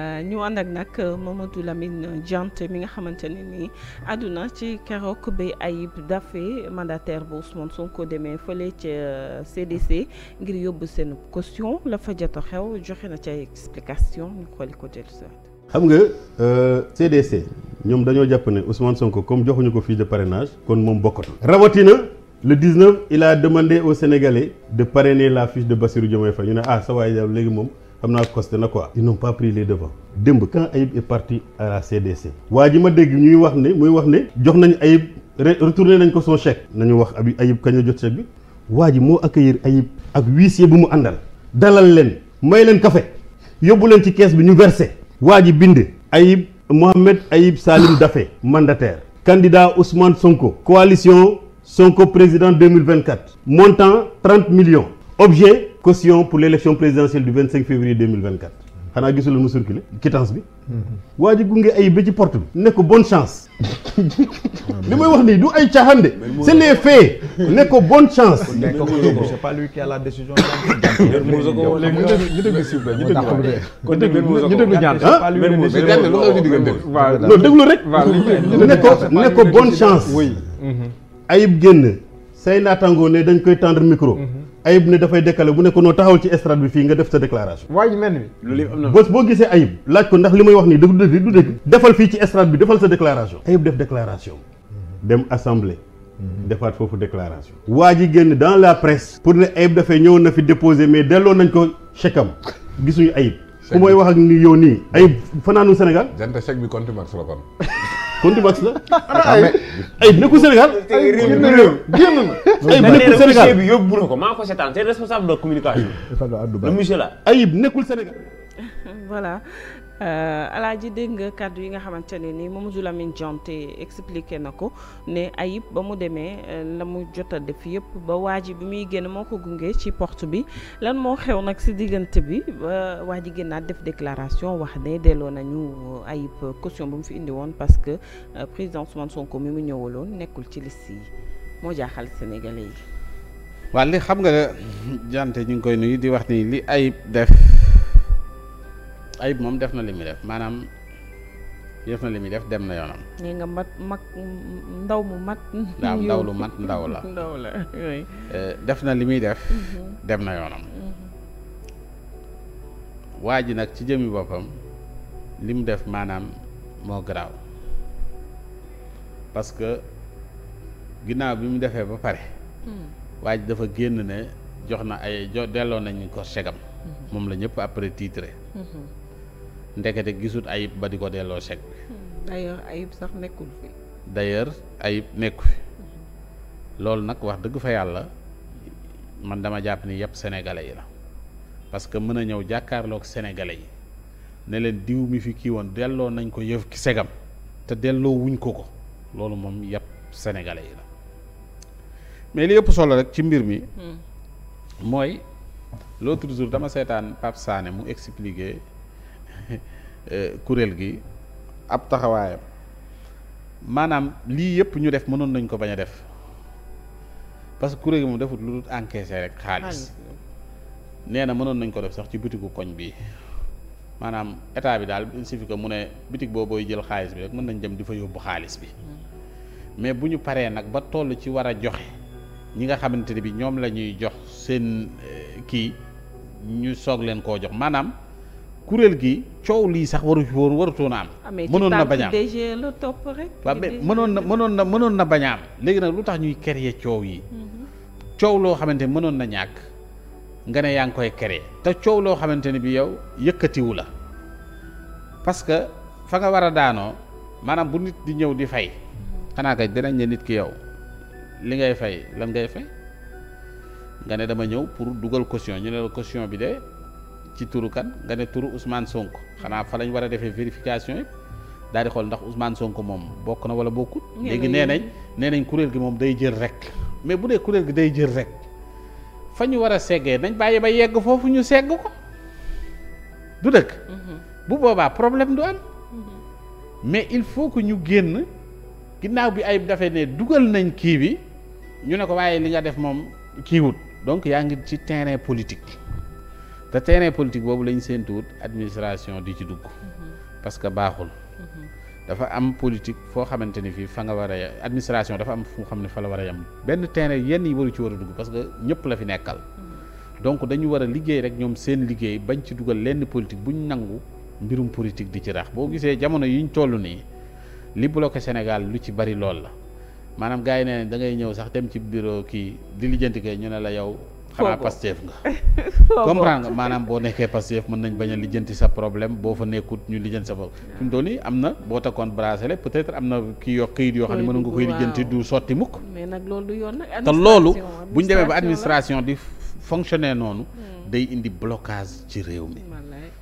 ñu ànd ak nag Mamadou Lamine Diante mi nga xamante ne nii àdduna ci keroog bay Ayib Daffé mandataire bu Ousmane Sonko demee fële ca CDC euh, ngir yóbbu seen caution la fa a xew joxe na ca ay explication ñu xooli ko dellu si waat xam nga CDC euh, ñoom dañoo jàpp ne Ousmane Sonko comme joxuñu ko fiche de parrainage kon moom bokkatul rawatina le 19 il a demandé aux Sénégalais de parrainer la fiche de Bassirou Diomaye Faye ñu ne ah sa waay léegi moom xam naa costé na quoi ils n'ont pas pris les devants démb quand Ayib est parti à la CDC waa ji ma dégg ñuy wax ne muy wax ne jox nañ Ayib retourné nañ ko son chèque nañu wax abi Ayib kañ jot chèque bi waa ji moo accueillir Ayib ak huissier bi mu àndal dalal leen may leen café yóbbu leen ci kees bi ñu versé waa ji bind Ayib Mohamed Ayib Salim Daffé mandataire candidat Ousmane Sonko coalition Sonko président 2024 montant 30 millions objet caution pour l' élection présidentielle du 25 février 2024 xanaa gisul mu circulé quittance bi. Mhm. waa ji gunge ay ba ci porte bi. ne ko bonne chance. li may wax nii du ay caaxaan de. c'est les faits. ne ko bonne chance. c'est pas lui qui a la décision. ñu déglu rek. ne ko ne ko bonne chance. Mhm. ayib génn say naataangoo ne dañ koy tendre micro. Mhm. ayib ne dafay décalé bu ne ko noo taxawal ci estrade bi fii nga def sa déclaration. waa ji ni loolu yëpp am na boo gisee ayib laaj ko ndax li may wax nii du dëgg du dëgg. defal fii ci estrade bi defal sa déclaration. ayib def déclaration. dem assemblée. defaat foofu déclaration. waa ji génn dans la presse. pour ne ayib dafay ñëw na fi déposé mais delloo nañ ko chèque am gisuñu ayib. ku mooy wax ak ni yow nii ayib fanaanu Sénégal. jant chèque bi compte mars la contribuax la. ay ay nekku Sénégal. ay réew mi réew génn na. Sénégal monsieur bi yóbbu na ko maa ko seetaan c'est responsable de communication. nekkul Sénégal. voilà. Euh, alaaji dégg nga kàddu yi nga xamante ne ni Mamadou Lamine Diante expliquer na ko ne Ayib ba mu demee euh, la mu jot a def yëpp ba waa ji bi muy génn moo ko gunge ci porte bi lan moo xew nag si diggante bi ba waa ji génnaat def déclaration wax ne delloo nañu euh, Ayib costion bu mu fi indi woon parce que président Ousmane Sonko mi mu ñëwaloon nekkul ci list yi moo jaaxal Sénégalais yi. waaw li xam nga Diante ñu ngi koy nuyu di wax ni li Ayib def. ayib moom def na li muy def maanaam def na li muy def dem na yoonam. nee nga mat mag ndaw mu mat. waaw ndaw lu mat ndaw la ndaw eh, def na li muy def. Mm-hmm. dem na yoonam. Mm-hmm. waa ji nag ci jëmmi boppam li mu def maanaam moo garaaw parce que ginnaaw bi mu defee ba pare. Mm. waa ji dafa génn ne jox na ay jo delloo nañu ko segam mm-hmm. moom la ñëpp après titré. ndekete gisut ayib ba di ko delloo chèque bi hmm, d'ailleurs ayib sax nekkul fi d'ailleurs ayib nekku fi loolu nag wax dëgg fa yàlla man dama jàpp ni yëpp sénégalais yi la parce que mën a ñëw jàkkaarlook sénégalais yi ne leen diw mi fi kii woon delloo nañ ko yëf ki segam te delloo wuñ ko ko loolu moom yëpp sénégalais yi la mais li ëpp solo rek ci mbir mi hmm. mooy loo toujours dama seetaan Pape Sané mu expliquer Eh, kuréel gi ab taxawaayam maanaam lii yëpp ñu def mënoon nañ ko bañ a def parce que kuréel gi moom defut lu dul encaissé rek xaalis nee na mënoon nañ ko def sax ci bitigu koñ bi maanaam état bi daal il suffit que mu ne bitig boobooy jël xaalis bi rek mën nañ dem di fa yóbbu xaalis bi hmm. mais bu ñu paree nag ba toll ci war a joxe ñi nga xamante ne bi ñoom lañuy jox seen eh, kii ñu soog leen koo jox maanaam kuréel gi coow lii sax waru fi woon warutoon a am. Ah, mënoon na bañ a mënoon na mënoon na mënoon na bañ léegi nag lu tax ñuy créer coow yi. Mhm. coow loo xamante ni mënoon na ñàkk nga ne yaa ngi koy créer te coow loo xamante ni bi yow yëkkatiwu la parce que fa nga war a daanoo maanaam bu nit di ñëw di fay mhm. xanaa kay dinañ ne nit ki yow li ngay fay lan ngay fay nga ne dama ñëw pour dugal caution ñu ne bi de. ci turu kan nga ne turu Ousmane Sonko xanaa fa lañ war a defee vérification yëpp daal di xool ndax Ousmane Sonko moom bokk na wala bokkut. léegi nee nañ nee nañ kuréel gi moom day jël rek mais bu dee kuréel day jël rek fa ñu war a seggee nañ bàyyi ba yegg foofu ñu segg ko du dëkk. Mhm. bu boobaa problème du am. Mhm. mais il faut que ñu génn ginnaaw bi ay dafay ne dugal nañ kii bi ñu ne ko waaye li nga def moom kiiwut donc yaa ngi ci terrain politique. te terrain politique boobu lañ séentuwut administration di ci dugg mm-hmm. parce que baaxul mm-hmm. dafa am politique foo xamante ni fii fa nga war a administration dafa am fu xam ne fa la war a yem benn terrain yenn yi waru ci war a dugg parce que ñëpp la fi nekkal mm-hmm. donc dañu war a liggéey rek ñoom seen liggéey bañ ci dugal lenn politique buñ nangu mbirum politique di ci rax boo gisee jamono yi ñu toll nii li bloqué Sénégal lu ci bari lool la maanaam gars yi nee da ngay ñëw sax dem ci bureau kii di lijjanti ñu ne la yow xanaa Pastef nga comprendre nga maanaam boo nekkee Pastef mën nañ bañ a lijjanti sa problème boo fa nekkut ñu lijjanti sa problème fi mu toll nii am na boo takkoon bracelet peut-être am na kii yoo këyit yoo xam ne mën nga koy lijjanti du sotti mukk mais nag loolu du yoon nag te loolu bu ñu demee ba administration di fonctionner noonu hmm. day indi blocage ci réew mi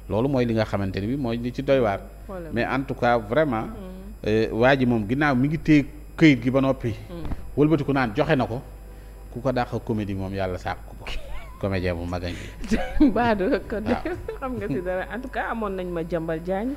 loolu mooy li nga xamante ni bi mooy li ci doy waar mais en tout cas vraiment hmm. eh, waa ji moom ginnaaw mi ngi téye këyit gi ba noppi hmm. wëlbati ko naan joxe na ko ku ko dàq comédie moom yàlla sàkk comédien bu mag a ngi. Badou kon ah. xam nga si dara en tout amoon nañ ma jambal jaañ